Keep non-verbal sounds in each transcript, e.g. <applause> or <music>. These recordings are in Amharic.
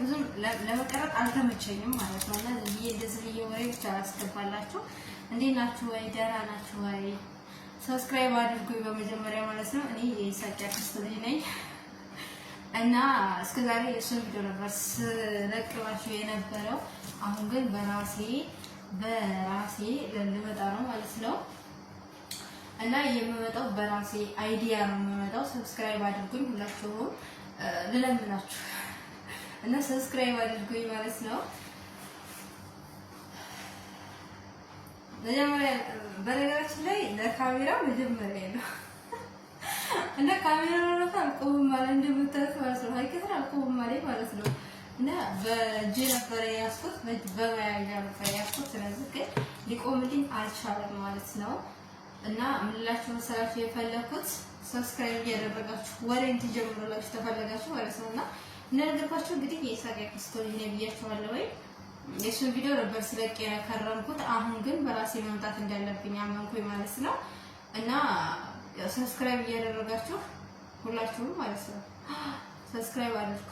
ብዙም ለመቀረጥ አልተመቸኝም ማለት ነው። እና ብዬ እንደዚህ ብዬ ወሬ ብቻ አስገባላችሁ። እንዴት ናችሁ? ወይ ደህና ናችሁ? ወይ ሰብስክራይብ አድርጉኝ በመጀመሪያ ማለት ነው። እኔ የኢሳቅ አክስት ልጅ ነኝ እና እስከዛሬ የእሱን ቪዲዮ ነበር ስለቅላችሁ የነበረው። አሁን ግን በራሴ በራሴ ልመጣ ነው ማለት ነው እና የምመጣው በራሴ አይዲያ ነው የምመጣው። ሰብስክራይብ አድርጉኝ ሁላችሁም ልለምናችሁ እና ሰብስክራይብ አድርጉኝ ማለት ነው። መጀመሪያ በነገራችን ላይ ለካሜራ መጀመሪያ ነው እና ካሜራ ራሱ አልቆብም ማለት እንደምታዩት ማለት ነው። ሀቂቀት አልቆብም ማለት ማለት ነው። እና በእጄ ነበረ ያዝኩት፣ በመያዣ ነበረ ያዝኩት። ስለዚህ ግን ሊቆምልኝ አልቻለም ማለት ነው። እና ምንላችሁ መሰላችሁ የፈለኩት ሰብስክራይብ እያደረጋችሁ ወሬ እንዲጀምሩላችሁ ተፈለጋችሁ ማለት ነው እና እንደነገርኳቸው እንግዲህ የኢሳቅያቅ ስቶሪ ነው ብያቸዋለሁ። ወይ የእሱን ቪዲዮ ነበር ስለቄ ከረምኩት። አሁን ግን በራሴ መምጣት እንዳለብኝ አመንኩኝ ማለት ነው። እና ሰብስክራይብ እያደረጋችሁ ሁላችሁም ማለት ነው ሰብስክራይብ አድርጉ።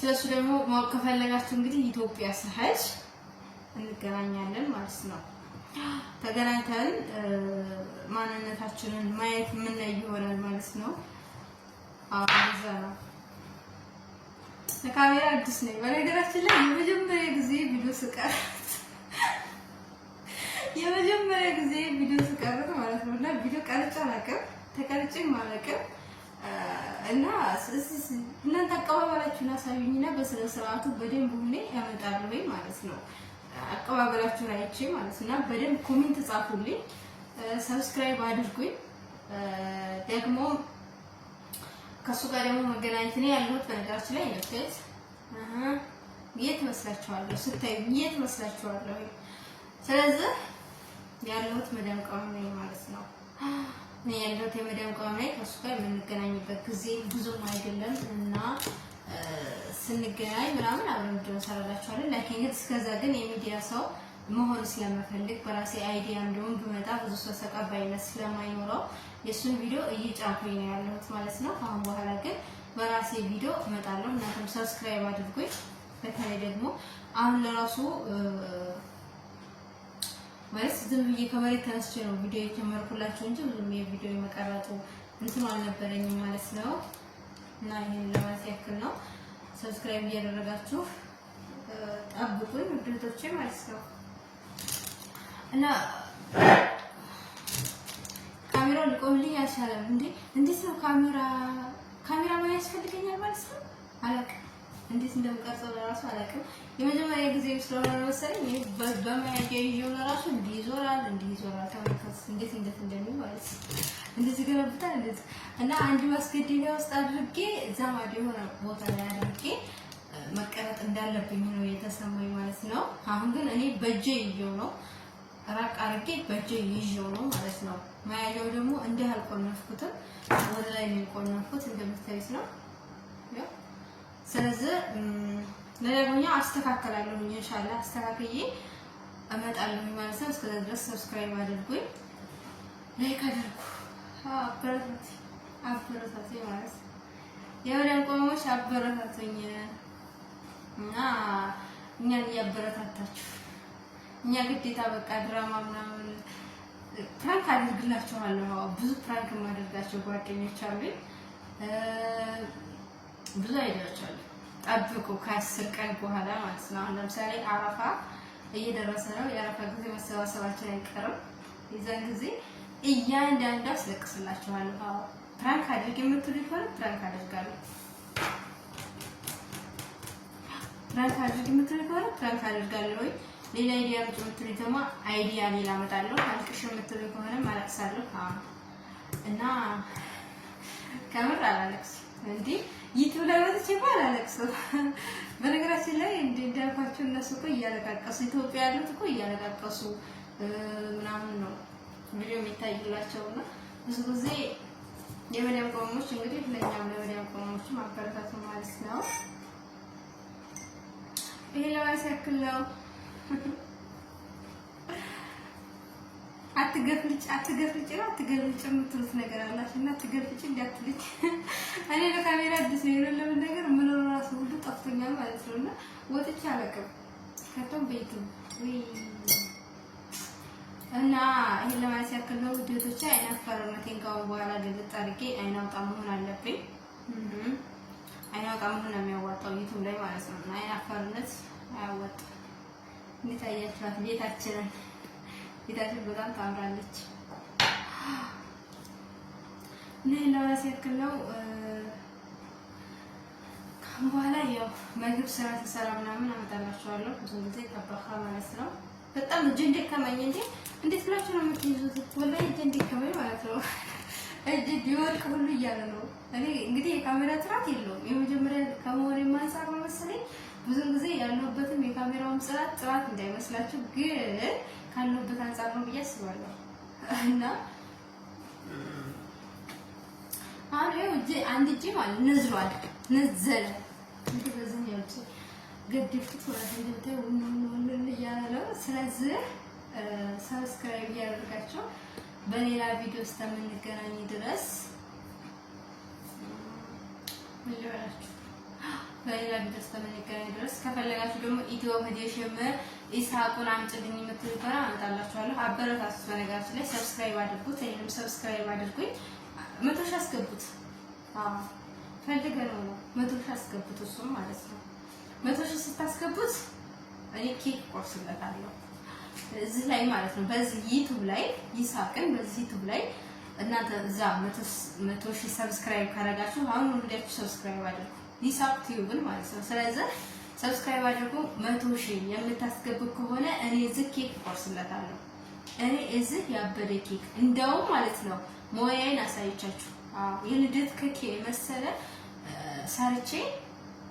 ስለሱ ደግሞ ማወቅ ከፈለጋችሁ እንግዲህ ኢትዮጵያ ስሄድ እንገናኛለን ማለት ነው። ተገናኝተን ማንነታችንን ማየት የምናይ ይሆናል ማለት ነው። ለካሜራ አዲስ ነኝ። በነገራችን ላይ የመጀመሪያ ጊዜ ቪዲዮ ስቀርጥ የመጀመሪያ ጊዜ ቪዲዮ ስቀርጥ ማለት ነው እና ቪዲዮ ቀርጬ አላውቅም፣ ተቀርጬም አላውቅም እና እናንተ አቀባበላችሁን አሳዩኝና በስነ ስርዓቱ በደንብ ሁሌ ያመጣሉ ወይ ማለት ነው። አቀባበላችሁን አይቼ ማለት እና በደንብ ኮሜንት ጻፉልኝ፣ ሰብስክራይብ አድርጉኝ ደግሞ ከእሱ ጋር ደግሞ መገናኘት ነው ያለሁት። በነገራችን ላይ አሃ የት መስላችኋለሁ? ስታዩ የት መስላችኋለሁ? ስለዚህ ያለሁት መዳም ቅመም ነኝ ማለት ነው። እኔ ያለሁት የመዳም ቅመም ነኝ። ከእሱ ጋር የምንገናኝበት ጊዜ ብዙም አይደለም እና ስንገናኝ ምናምን አብረን እንድንሰራላችኋለን። ላኪን እስከዛ ግን የሚዲያ ሰው መሆን ስለመፈልግ በራሴ አይዲያ እንደውም ብመጣ ብዙ ሰው ተቀባይነት ስለማይኖረው የእሱን ቪዲዮ እየጫንኩኝ ነው ያለሁት ማለት ነው። ከአሁን በኋላ ግን በራሴ ቪዲዮ እመጣለሁ። እናንተም ሰብስክራይብ አድርጎኝ። በተለይ ደግሞ አሁን ለራሱ ማለት ዝም ብዬ ከመሬት ተነስቼ ነው ቪዲዮ የጀመርኩላችሁ እንጂ ዝም ብዬ ቪዲዮ የመቀረጡ እንትኑ አልነበረኝም ማለት ነው። እና ይህን ለማለት ያክል ነው። ሰብስክራይብ እያደረጋችሁ ጠብቁኝ ውድቶቼ ማለት ነው። እና ካሜራው ልቆምልኝ አልቻለም። እንዴ እንዴት ነው ካሜራ ካሜራ ማን ያስፈልገኛል ማለት ነው? አላውቅም፣ እንዴት እንደምቀርጸው ለራሱ አላውቅም። የመጀመሪያ ጊዜ ስለሆነ መሰለኝ ይህ በመያዣ ይዤው ለራሱ እንዲህ ይዞራል፣ እንዲህ ይዞራል። ተመልከት እንዴት እንደት እንደሚል ማለት እንደዚህ ገለብታል እንደዚህ እና አንድ ማስገደኛ ውስጥ አድርጌ እዛ ማዲ የሆነ ቦታ ላይ አድርጌ መቀረጥ እንዳለብኝ ነው የተሰማኝ ማለት ነው። አሁን ግን እኔ በእጄ ይዤው ነው ራቅ አድርጌ በእጄ ይዤው ነው ማለት ነው። መያዣው ደግሞ እንዲህ አልቆነፍኩትም፣ ወደ ላይ ነው የቆነፍኩት እንደምታዩት ነው። ስለዚህ ለዳግመኛ አስተካከላለሁ። ኢንሻአላህ አስተካክዬ እመጣለሁ ማለት ነው። እስከዛ ድረስ ሰብስክራይብ አድርጉኝ፣ ላይክ አድርጉ፣ አበረታቱ አበረታቱ ማለት የወደን ቆሞች አበረታቱኝ እና እኛን እያበረታቱ እኛ ግዴታ በቃ ድራማ ምናምን ፕራንክ አድርግላቸዋለሁ። ብዙ ፕራንክ የማደርጋቸው ጓደኞች አሉኝ። ብዙ አይዲያዎች አሉ። ጠብቁ፣ ከአስር ቀን በኋላ ማለት ነው። አሁን ለምሳሌ አረፋ እየደረሰ ነው። የአረፋ ጊዜ መሰባሰባችን አይቀርም። የዛን ጊዜ እያንዳንዱ አስለቅስላችኋለሁ። ፕራንክ አድርግ የምትሉ ይሆን ፕራንክ አድርጋለሁ። ፕራንክ አድርግ የምትሉ ይሆን ፕራንክ አድርጋለሁ ወይ ሌላ አይዲያ ብትመትሪ ደግሞ አይዲያ ሌላ እመጣለሁ። አልቅሽ የምትሉ ከሆነም አለቅሳለሁ። እና ከምር አላለቅስ እንዲ ዩቲዩብ ላይ ወጥቼ እኮ አላለቅስም። <laughs> በነገራችን ላይ እንደ እንዳልኳቸው እነሱ እኮ እያለቃቀሱ ኢትዮጵያ ያሉት እኮ እያለቃቀሱ ምናምን ነው ቪዲዮ የሚታይላቸው እና ብዙ ጊዜ የመዳም ቅመሞች እንግዲህ ለእኛም ለመዳም ቅመሞች ማበረታቱ ማለት ነው። ይሄ ለማለት ያክል ነው። አትገፍልጭ አትገፍልጭ ነው አትገልጭ የምትሉት ነገር አላችሁ እና አትገልጭ እንዳትልጭ። <laughs> እኔ በካሜራ አዲስ ነው የሌለምን ነገር ምኖር ራሱ ሁሉ ጠፍቶኛል ማለት ነው እና ወጥቼ አላውቅም ከተው ቤቱ እና ይሄን ለማለት ያክል ነው። ውድቶቼ አይናፈርነቴን ከአሁን በኋላ ድልጥ አድርጌ አይናውጣ መሆን አለብኝ። አይናውጣ መሆን ነው የሚያዋጣው ዩቱብ ላይ ማለት ነው። እና አይናፈርነት አያዋጣም። እንዴት አያችኋት? ቤታችንን ቤታችን በጣም ታምራለች። እና ለራሴ ያክል ነው። ካሁን በኋላ ያው ምግብ ስራ ስሰራ ምናምን አመጣላችኋለሁ። ብዙ ጊዜ ጠበካ ማለት ነው። በጣም እጄ እንደከመኝ እንጂ እንዴት ብላችሁ ነው የምትይዙት? ወላሂ እጄ እንደከመኝ ማለት ነው። እጄ ቢወርቅ ሁሉ እያለ ነው። እኔ እንግዲህ የካሜራ ጥራት የለውም የመጀመሪያ ከመሆን የማንጻር መሰለኝ ብዙ ጊዜ ያለሁበትም የካሜራውም ጥራት ጥራት እንዳይመስላችሁ ግን ካለሁበት አንጻር ነው ብዬ አስባለሁ። እና አሁን ይኸው እጄ አንድ እጄ ማለት ነዝሏል፣ ነዘለ እንትበዝም ወራት ገደፍኩት ወን ወን ወንወን እያለው። ስለዚህ ሰብስክራይብ እያደረጋችሁ በሌላ ቪዲዮ እስከምንገናኝ ድረስ ምን ልበላችሁ በሌላ ቤት እስከምንገናኝ ድረስ ከፈለጋችሁ ደግሞ ኢትዮ ሜዲሽም ኢስሐቁን አምጭልኝ የምትል ከሆነ አመጣላችኋለሁ። አበረታቱት። በነገራችን ላይ ሰብስክራይብ አድርጉት፣ እኔንም ሰብስክራይብ አድርጉኝ። መቶ ሺህ አስገቡት። አዎ ፈልገነው ነው። መቶ ሺህ አስገቡት፣ እሱም ማለት ነው። መቶ ሺህ ስታስገቡት እኔ ኬክ ቆርስለታለሁ እዚህ ላይ ማለት ነው። በዚህ ዩቲዩብ ላይ ይስሐቅን በዚህ ዩቲዩብ ላይ እናንተ እዛ መቶ ሺህ ሰብስክራይብ ካረጋችሁ አሁን ወዲያችሁ ሰብስክራይብ አድርጉ። ሂሳብ ቲዩብን ማለት ነው። ስለዚህ ሰብስክራይብ አድርጎ መቶ ሺህ የምታስገቡ ከሆነ እኔ እዚህ ኬክ ቆርስለታለሁ። እኔ እዚህ ያበደ ኬክ እንደውም ማለት ነው ሞያዬን አሳይቻችሁ የልደት ኬክ የመሰለ ሰርቼ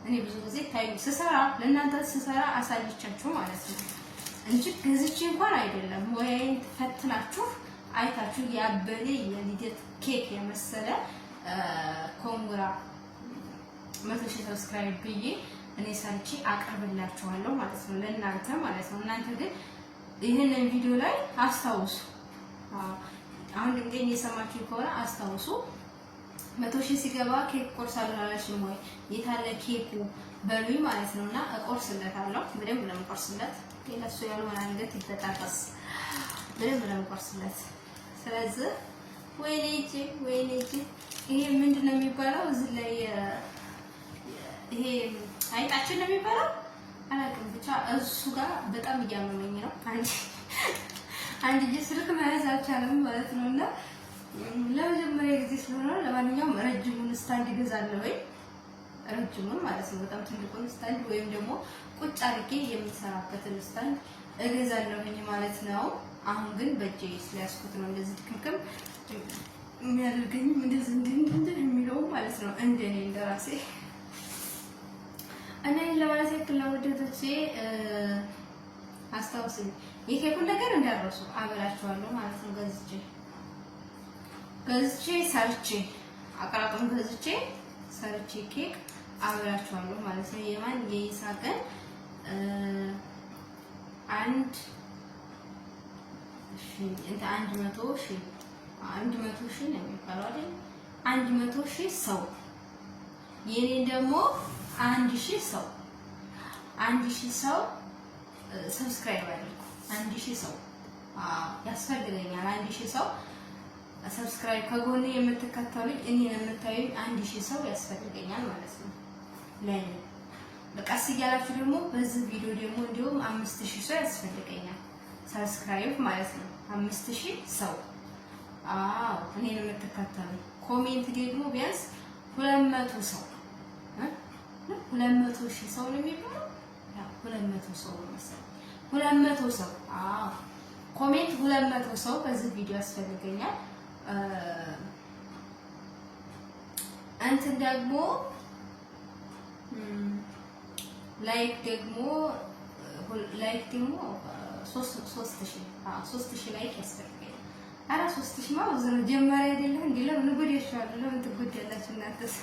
እኔ ብዙ ጊዜ ታይም ስሰራ ለእናንተ ስሰራ አሳይቻችሁ ማለት ነው እንጂ ገዝቼ እንኳን አይደለም። ሞያዬን ፈትናችሁ አይታችሁ ያበደ የልደት ኬክ የመሰለ ኮንግራ መቶ ሺህ ሰብስክራይብ ብዬ እኔ ሰርቼ አቀርብላችኋለሁ ማለት ነው፣ ለእናንተ ማለት ነው። እናንተ ግን ይህንን ቪዲዮ ላይ አስታውሱ። አሁን ድንገኝ የሰማችሁ ከሆነ አስታውሱ። መቶ ሺህ ሲገባ ኬክ ቆርሳለሁ አላልሽም ወይ? የታለ ኬኩ በሉኝ ማለት ነው። እና እቆርስለታለሁ በደንብ ነው የምቆርስለት። ያልሆነ አንገት ይተጣቀስ በደንብ ነው ስለዚህ ወይኔ እጄ ወይኔ እጄ ይሄ ምንድን ነው የሚባለው እዚህ ላይ ይሄ አይጣችን ነው የሚባለው አላውቅም። ብቻ እሱ ጋር በጣም እያመመኝ ነው። አንድ እጅ ስልክ መያዝ አልቻለም ማለት ነው እና ለመጀመሪያ ጊዜ ስለሆነ ለማንኛውም ረጅሙን ስታንድ ይገዛለሁ ወይ ረጅሙን ማለት ነው በጣም ትልቁን ስታንድ ወይም ደግሞ ቁጭ አድርጌ የምትሰራበትን ስታንድ እገዛለሁኝ ማለት ነው። አሁን ግን በእጄ ስለያዝኩት ነው እንደዚህ ድክምክም የሚያደርገኝም እንደዚህ እንድንድንድን የሚለውም ማለት ነው እንደኔ እንደራሴ እና ለማለት ያክል አስታውስኝ የኬኩን ነገር እንዳረሱ አበላችኋለሁ ማለት ነው። ገዝቼ ገዝቼ ሰርቼ አቀራጥም ገዝቼ ሰርቼ ኬክ አበላችኋለሁ ማለት ነው። የማን የይሳቅን አንድ ሺ አንድ መቶ ሺ አንድ መቶ ሺ ነው የሚባለው አይደል? አንድ መቶ ሺ ሰው የኔን ደግሞ አንድ ሺህ ሰው አንድ ሺህ ሰው ሰብስክራይብ አድርጉ። አንድ ሺህ ሰው ያስፈልገኛል። አንድ ሺህ ሰው ሰብስክራይብ ከጎኔ የምትከተሉኝ እኔ የምታዩኝ አንድ ሺህ ሰው ያስፈልገኛል ማለት ነው ለኔ በቃስ እያላችሁ ደግሞ በዚህ ቪዲዮ ደግሞ እንዲሁም አምስት ሺህ ሰው ያስፈልገኛል ሰብስክራይብ ማለት ነው። አምስት ሺህ ሰው አዎ እኔን የምትከተሉ ኮሜንት ደግሞ ቢያንስ ሁለት መቶ ሰው ሁለት መቶ ሺህ ሰው ነው የሚባለው። ሁለት መቶ ሰው መሰለኝ፣ ሁለት መቶ ሰው ኮሜንት ሁለት መቶ ሰው በዚህ ቪዲዮ ያስፈልገኛል። እንትን ደግሞ ላይክ ደግሞ ላይክ ደግሞ ሶስት ሺህ ሶስት ሺህ ላይክ ያስፈልገኛል። ኧረ ሶስት ሺህ ማለት መጀመሪያ አይደለም እንዲ ለምን ጎዳችኋል? ለምን ትጎዳላችሁ እናንተስ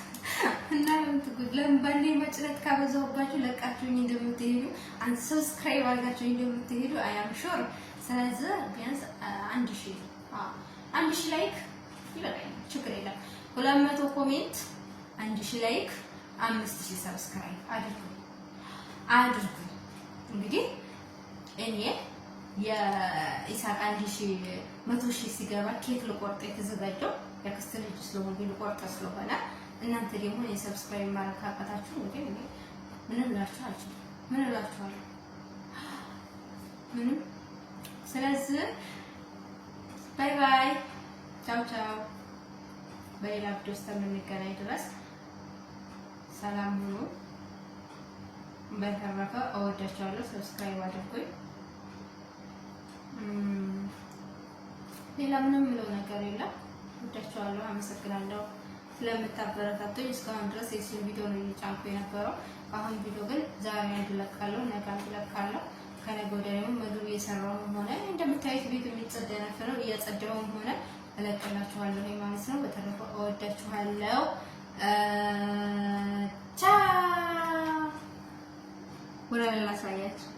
በእኔ መጭረት ካበዛሁባችሁ ለቃችሁኝ እንደምትሄዱ አንድ ሰብስክራይብ አድርጋችሁኝ እንደምትሄዱ አያም ሹር። ስለዚህ ቢያንስ አንድ ሺ አንድ ሺ ላይክ ይበቃኛል፣ ችግር የለም። ሁለት መቶ ኮሜንት፣ አንድ ሺ ላይክ፣ አምስት ሺ ሰብስክራይብ አድርጉ አድርጉ። እንግዲህ እኔ የኢሳቅ አንድ ሺ መቶ ሺ ሲገባ ኬክ ልቆርጥ የተዘጋጀው የክስት ልጅ ስለሆንኩኝ ልቆርጥ ስለሆነ እናንተ ደግሞ የሰብስክራይብ ማለት ካቃታችሁ እንግዲህ እኔ ምን እላችሁ አልችልም። ምን እላችኋለሁ? ምንም። ስለዚህ ባይ ባይ፣ ቻው ቻው። በሌላ ቪዲዮ እስከምንገናኝ ድረስ ሰላም ሁኑ። በተረፈ እወዳችኋለሁ። ሰብስክራይብ አድርጉኝ። ሌላ ምንም የምለው ነገር የለም። እወዳችኋለሁ። አመሰግናለሁ። ስለምታበረታቱኝ እስካሁን ድረስ የሱን ቪዲዮ ነው እየጫንኩ የነበረው። አሁን ቪዲዮ ግን ዛሬ አንድ እለቃለሁ፣ ነገ አንድ እለቃለሁ። ከነገ ወዲያ ደግሞ ምግብ እየሰራሁ ሆነ እንደምታዩት ቤቱ የሚጸዳ ነው እያጸዳሁም ሆነ እለቅላችኋለሁ ማለት ነው። በተረፈ እወዳችኋለሁ። ቻ ወደ ሌላ ሳያችሁ